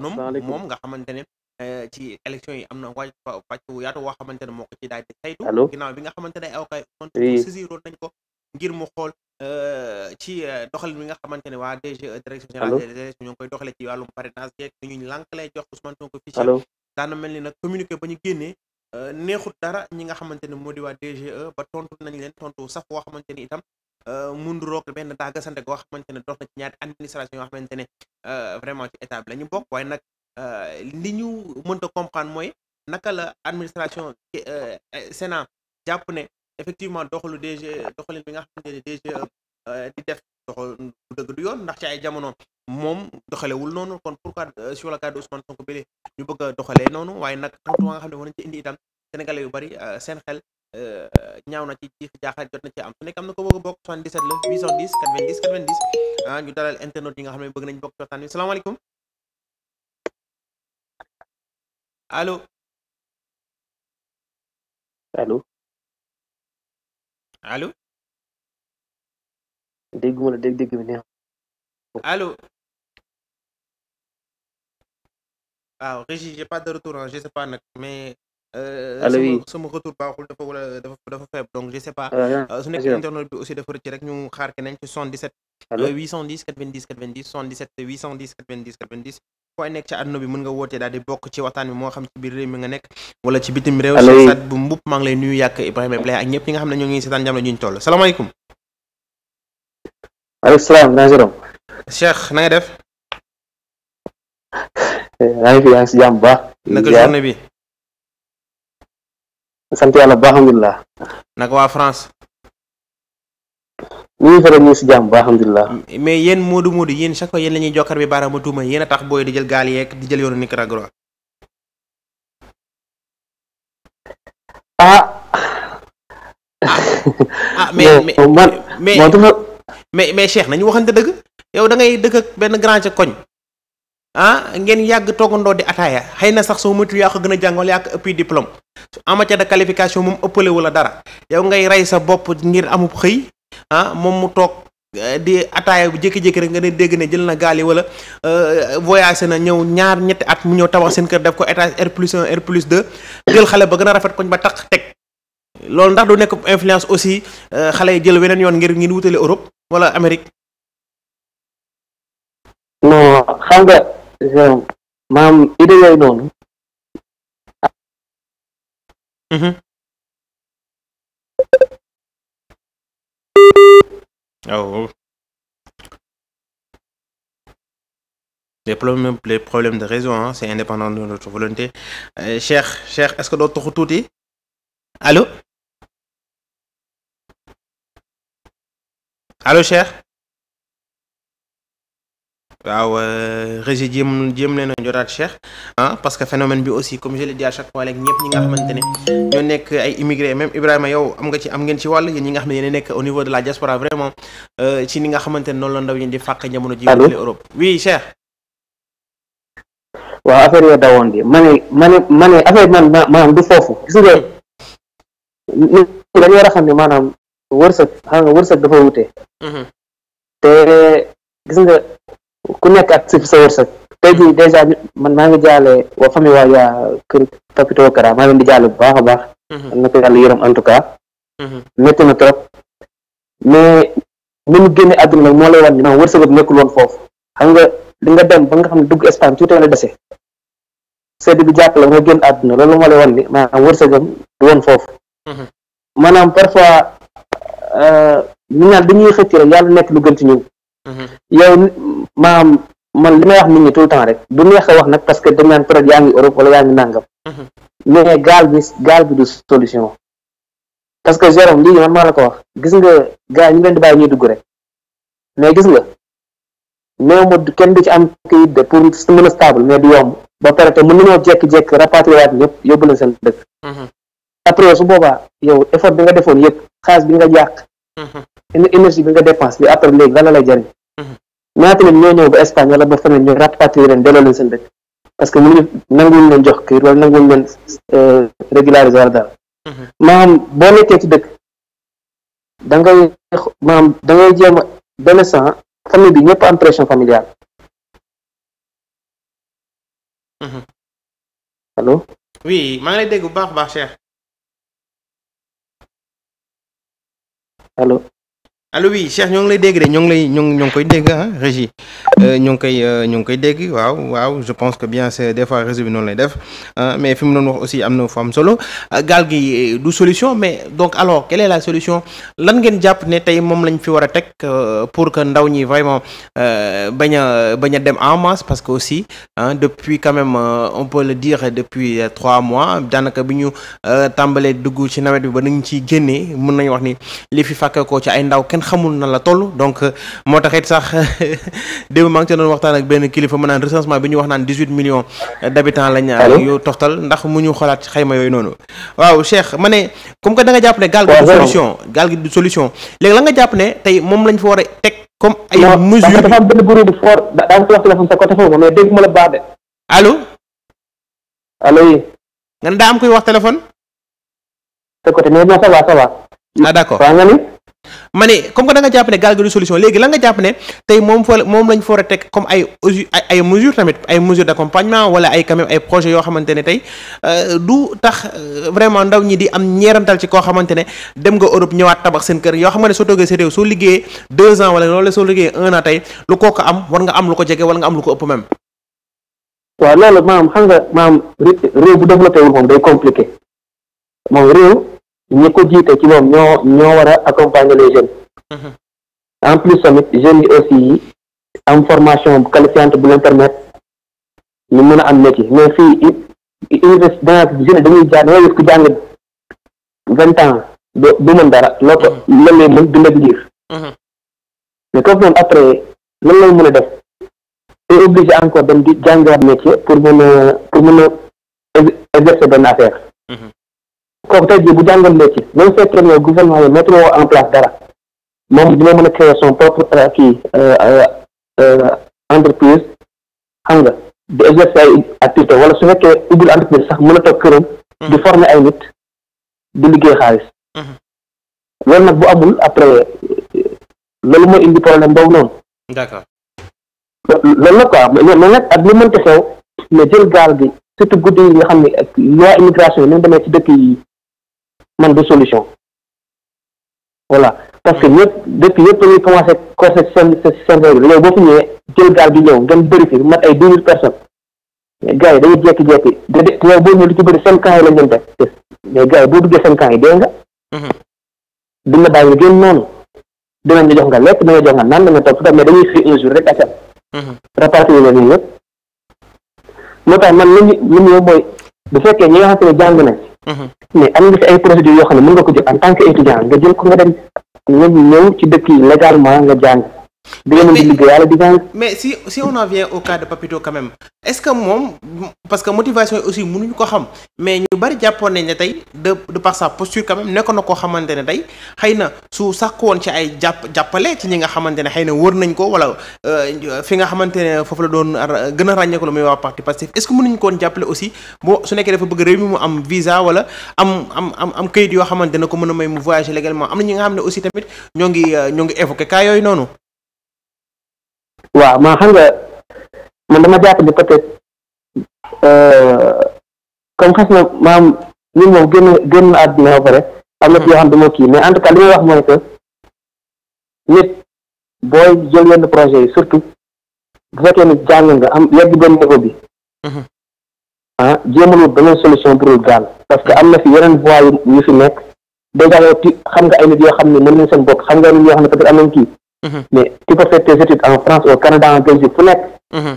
moom nga xamante ne eh, ci élection yi am na wàcc wàcc yaatu woo xamante ne moo ko ci daal di saytu bi nga xamante ne awkay on saisiroon nañ ko ngir mu xool eh, ci eh, doxalin bi nga xamante ne waa DG direction générale des ñoo ngi koy doxale ci wàllum parrainage yeeg nu ñuy lànkalee jox Ousmane Sonko fichier daana mel ni nag communiqué ba ñu génnee neexut dara ñi nga xamante ne moo di waa DGE ba tontu nañ leen tontu sax woo xamante ni itam Euh, mundu roog benn ko goo xamante ne dox na ci ñaari administration yoo xamante ne euh, vraiment ci état la ñu bokk waaye nag euh, li ñu mënta comprendre mooy naka la administration Sénat jàpp ne effectivement doxalu DG doxalin bi nga xamante ne DG di def doxal bu dëgg du yoon ndax ci ay jamono moom doxalewul noonu kon pourquoi sur le cas de Ousmane Sonko bi ñu bëgg a doxalee noonu waaye nag tantôt nga xam ne war na ci indi itam sénégalais yu bari seen xel Euh, ñaaw na ci jiix jaaxal jot na ci am su nekk am na ko bëgg a bokk 77 la 810 90 90 ah ñu dalal internet yi nga xam ne bëgg nañ bokk ci waxtaan bi salaamaaleykum allo allo allo dégguma la dégg-dégg bi neex allo waaw Régis pas de retour je sais pas nag mais Euh, sama sama retour baaxul dafa wala dafa dafa faible donc je sais pas ah, ah, euh, su nekk internet bi aussi dafa rëcc rek ñu xaar keneen ci 77 810 90 90 77 810 90 90 foo nekk ci àdduna bi mën nga wootee daal di nga nekk wala ci bitim réew sat bu mbubb maa ngi lay nuyu yàq Ibrahima Blay ak ñëpp ñi nga xam ne ñoo ngi seetaan jam la toll salaam naa jërëm Cheikh na nga def eh, maa ngi fi yaa si jàmm bu baax journée bi sant yàlla bu baax alhamdulilah. waa France. ñu bu baax mais yéen Modou Modou yéen chaque fois yéen la ñuy jokkar bi baaraamu tuuma yéen a tax booy di jël gaal yeeg di jël yoonu Nicaragua. ah. ah mais mais mais mais mais Cheikh nañu waxante dëgg. yow da ngay dëkk ak benn grand ca koñ. ah ngeen yàgg toogandoo di ataaya xëy na sax soo moytuwul yaa ko gën a jàng wala yaa ko ëppi diplôme. en matière de qualification moom ëppale wu la dara yow ngay rey sa bopp ngir amub xëy ah moom mu toog eh, di ataaya bu jékki-jékki rek nga ne dégg ne jël na gaal wala wala eh, voyagé na ñëw ñaar ñetti at mu ñëw tabax seen kër def ko étage R plus 1 R plus 2 jël xale ba gën a rafet koñ ba taq teg loolu ndax du nekk influence aussi eh, xale yi jël weneen yoon ngir ngir wutale Europe wala Amérique. non Mm-hmm. Oh. Les problème les problèmes de réseau, hein, c'est indépendant de notre volonté. Euh, Cheikh, Cheikh, est-ce que doo toxu tuuti allo allo Cheikh waaw euh, régie jéem jéem leen a jotaat ah, parce que phénomène bi aussi comme je l'ai dit à chaque fois léegi ñëpp ñi nga xamante ne ñoo nekk ay immigré même Ibrahima yow am nga ci am ngeen ci wàll yéen ñi nga xam ne euh, xamante ne noonu la ndaw ñi di fàq jamono ji wutale Europe oui Cheikh waaw affaire yoo dawoon bi ma ne ma ne ma ne affaire man maanaam du foofu gis nga dañu war a xam maanaam wërsëg xam nga wërsëg dafa wute mhm. te gis ku nekk ak si sa wërsëg tey jii dèjà man maa ngi jaale waa famille waa yaa kër Papito Kara maa leen di jaale bu baax a baax. Mhm. na ko yàlla yërëm en tout cas. métti mhm. na trop mais ni mu génne àdduna moo lay wan ni maanaam wërsëg nekkul woon foofu xam nga li nga dem ba nga xam ne dugg Espagne tuuti na dese. sedd bi jàppale nga génn àdduna loolu moo lay wan ni maanaam wërsëgam du woon foofu mhm. maanaam parfois euh, ñu naan dañuy xëcc rek yàlla nekk lu gën ci ñun yow ma man li may wax nit ñi tout le temps rek du neex a wax nag parce que dañ naan peut-être yaa ngi Europe wala yaa ngi nàngam mhm. mais gaal bi gaal bi du solution parce que Jérôme lii man maa la ko wax gis nga gars ñu leen di bàyyi ñuy dugg rek mais gis nga néew ma kenn du ci am kayit de pour mën a stable mais du yomb ba pare te mën nañoo jékki-jékki rapatrier waat ñëpp yóbbu leen seen dëkk. Mhm. après su boobaa yow effort bi nga defoon yëpp xaalis bi nga jàq mhm. énergie bi nga dépense bi après léegi lan la ñaata nit ñoo ñëw ba Espagne wala ba feneen ñu rapatrier leen delloo leen seen dëkk parce que mënuñu nanguwuñ leen jox kayit wala nanguwuñ leen euh, régulariser wala daal mm-hmm. boo nekkee ci dëkk da ngay maanaam da ngay jéem a benn sant bi ñëpp am pression familiale mm-hmm. allo maa ngi lay dégg bu baax baax Cheikh allo allo oui Cheikh ñoo ngi lay dégg de ñoo ngi lay ñoo ngi koy dégg ah régie euh, ñoo koy euh, ñoo ngi koy dégg waaw waaw je pense que bien c'est des fois réseau bi noonu lay def mais fi mu doon wax aussi am na fu am solo euh, gaal gi du solution mais donc alors quelle est la solution lan ngeen jàpp ne tey moom lañ fi war a teg pour que ndaw ñi vraiment bañ a bañ dem en masse parce que aussi hein, depuis quand même on peut le dire depuis trois mois daanaka bi ñu tàmbalee dugg ci nawet bi ba nañ ci génnee mën nañu wax ni li fi fàkkeekoo xamul na la toll donc euh, moo tax it sax démb maa ngi ci doon waxtaan ak benn kilifa mu naan recensement bi ñu wax naan dix huit millions d'habitants lañ. Euh, yoo toftal ndax mu ñu xolaat xayma yooyu noonu. waaw Cheikh ma ne comme que da nga jàpp ne. gaal gi du solution solution. léegi la nga jàpp ne tey moom lañ fa war a teg comme. ay mesures non dafa bu fort daa ngi wax téléphone sa côté foofu ma la baax de. allo. allo yi. nga ne daa am kuy wax téléphone. sa côté mais non ça va ah, ma ne comme que da nga jàpp ne gaal gi du solution léegi la nga jàpp ne tey moom fa moom lañ foor a teg comme ay ay mesures tamit ay mesures d'accompagnement wala ay quand ay projets yoo xamante ne tey euh, tax euh, vraiment ndaw ñi di am ñeerantal ci koo xamante ne dem nga Europe ñëwaat tabax seen kër yoo xam ne soo toogee sa réew soo liggéeyee deux ans wala loolu soo liggéeyee un an tey lu kooku am war nga am lu ko jege wala nga am lu ko ëpp même. waaw loolu maam xam nga maam réew bu développé wul moom day compliqué moom réew. ñi ko jiite ci moom ñoo ñoo war a accompagner les jeunes mhm. en plus tamit jeunes yi aussi am formation qualifiante bu leen permettre ñu mën a am métier mais fii université dans jeune dañuy jaar dañoo gis ku jàng vingt ans du du mën dara loo ko lan lay mën dund ak mhm. mais kooku noonu après lan lay mën a def te obligé encore dem di jàngaat métier pour mën a pour mën a exercer benn affaire mhm. kooku tey jii bu jàngoon métier même su fekkee ne gouvernement yi mettre en place dara moom dina mën a créer son propre euh, kii euh, euh, entreprise xam nga di exercer ay activité wala su fekkee ubbil entreprise sax mën a toog këram hmm. di former ay nit di liggéey xaalis hmm. loolu nag bu amul après loolu mooy indi problème boobu noonu d'accord loolu la quoi mais nag ak li mënti xew mais jël gaal gi surtout guddi yi nga xam ne ak loi immigration yi ni demee ci dëkk man du solution voilà parce que ñëpp depuis ñëpp dañuy commencé corse seen seen règle léegi boo fi ñëwee jël gaal bi ñëw ngeen bëri fi mat ay deux mille personnes mais gars yi dañuy jekki-jekki déedéet yow boo ñëw li ci bëri seen camp yi lañ leen mais gars yi boo duggee seen camp yi dee nga mm-hmm. duñ la bàyyi nga génn noonu dinañ la jox nga lekk dinañ la jox nga naan dinañ topp mais dañuy fi un jour rek acam mm-hmm. répartir leen ñun ñëpp moo tax man li ñu li ñu jàng nañ mais am nga si ay procédures yoo xam ne mën nga ko jël en tant nga dem nga ñëw ci dëkk yi légalement nga jàng. mais si si on en vient au cas de Papito quand même est-ce que moom parce que motivation yi aussi mënuñu ko xam mais ñu bari jàppoon nañ ne tey de de posture quand même nekkoon na ko xamante ne tey xëy na su sàkk woon ci ay jàpp jàppale ci ñi nga xamante ne xëy na wër nañ ko wala euh, fi nga xamante ne foofu la doon gën a ràññeeku la muy waa parti Pastef est-ce que mënuñu koon jàppale aussi boo su nekkee dafa bëgg réew mi mu am visa wala am am am am kayit yoo xamante ne ko mën a may mu voyager légalement am nga xam ne aussi tamit ñoo ngi euh, ñoo ngi évoqué cas yooyu waaw man xam nga man dama jàpp ni peut-être euh, comme xas na maam ñun moom génn génn àddina ba pare am na ci yoo xam du ma kii mais en tout cas li may wax mooy que nit booy jël yenn projet yi surtout bu fekkee ni jàng nga am yegg benn niveau bi mhm. ah jéemal wut beneen solution burul gaal parce que am na fi yeneen voies yu fi nekk déjà yow ti xam nga ay nit yoo xam ne mën nañ seen bopp xam nga nit yoo xam ne peut am nañ kii Mm-hmm. mais tu peux faire tes études en France au Canada en Belgique fu nekk mm-hmm.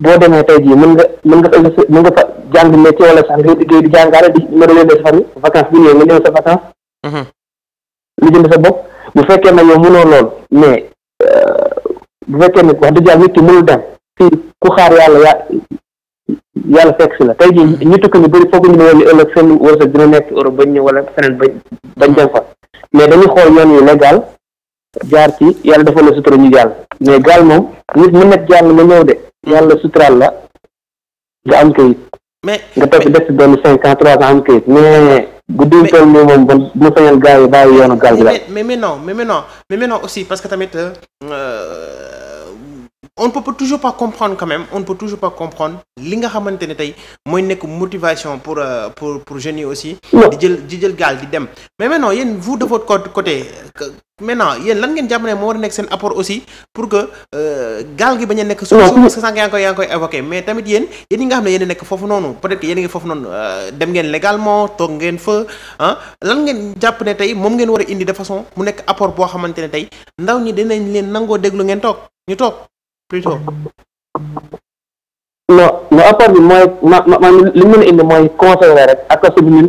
boo demee tey jii mën nga mën nga fa mën nga fa jàng métier wala sax ngay liggéey di jàngaale di mérolé sa famille vacance bi ñëw nga ñëw sa vacance li mm-hmm. jënd sa bopp bu fekkee na yow mënoo lool mais euh, bu fekkee ne wax dëgg yàlla nit ki mënul dem fii ku xaar yàlla yaa yàlla fekk si la tey jii ñu tukki ñu bëri foog ñu ne woon ni ëllëg seen wërsëg dina nekk Europe bañ ñëw wala feneen bañ bañ dem fa mais dañuy xool yoon yu légal jaar ci yàlla dafa la sutura ñu jàll mais gaal moom nit mu nekk jàll ma ñëw de yàlla suturaal la nga am kayit mais nga toog des benn cinq ans trois am kayit mais bu dul tool moom bon bu sañal gars yi bàyyi yoonu gaal bi la on ne peut pas toujours pas comprendre quand même on ne peut toujours pas comprendre li nga xamante ne tey mooy nekk motivation pour euh, pour pour jeunes aussi. di jël di jël gaal di dem. mais maintenant yéen vous de votre coté maintenant yéen lan ngeen jàpp ne moo war nekk seen apport aussi pour que euh, gaal gi bañ a nekk. solution parce mais tamit yéen yéen nga xam ne yéen nekk foofu noonu peut-être que yéen a ngi foofu noonu euh, dem ngeen fa ah lan ngeen jàpp ne tey moom ngeen war a indi de façon mu nekk apport boo xamante ne tey ndaw ñi dinañ leen nangoo déglu ngeen toog ñu toog. plutôt. non non apport bi mooy ma ma ma li mu indi mooy conseil la rek ak sa biir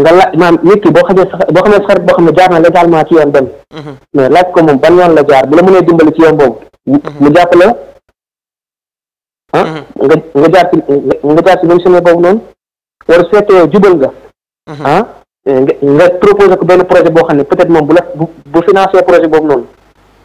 nga la maam nit ki boo xamee sax boo xamee sax boo xam ne jaar na légalement ci yoon dem. Mhm. mais ko moom ban yoon la jaar bu la mënee mu mhm. jàppale ah mhm. nga nga jaar ci nga jaar ci même chemin boobu noonu war fekkee jubal nga ah, nga nga proposé ko benn boo xam ne peut-être moom bu la bu bu financé noonu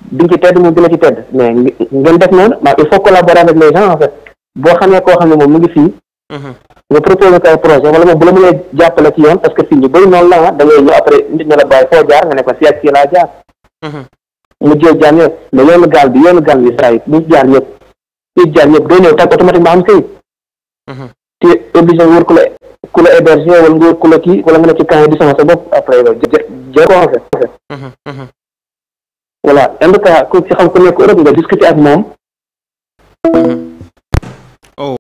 di nga ci tedd moom dina ci ngeen def noonu maa il faut collaborer avec les gens en fait boo koo xam ne moom mu ngi fii. Mhm. nga proposé ko ay projet wala moom bu la mënee jàppale ci yoon parce que fii ñu bëri noonu la ah da ngay ñëw après nit ñi la bàyyi foo jaar nga ne ko fii ak fii laa jaar. Mhm. mu jéem jaar ñëpp mais yoonu gaal bi yoonu gaal bi saa yi bu jaar ñëpp fii jaar ñëpp doo ñëw tag automatiquement am këyit. Mhm. te obligé wër ku la ku la héberger wala nga wër après voilà en tout cas ku ku nekk Europe discuter ak moom. Mm-hmm.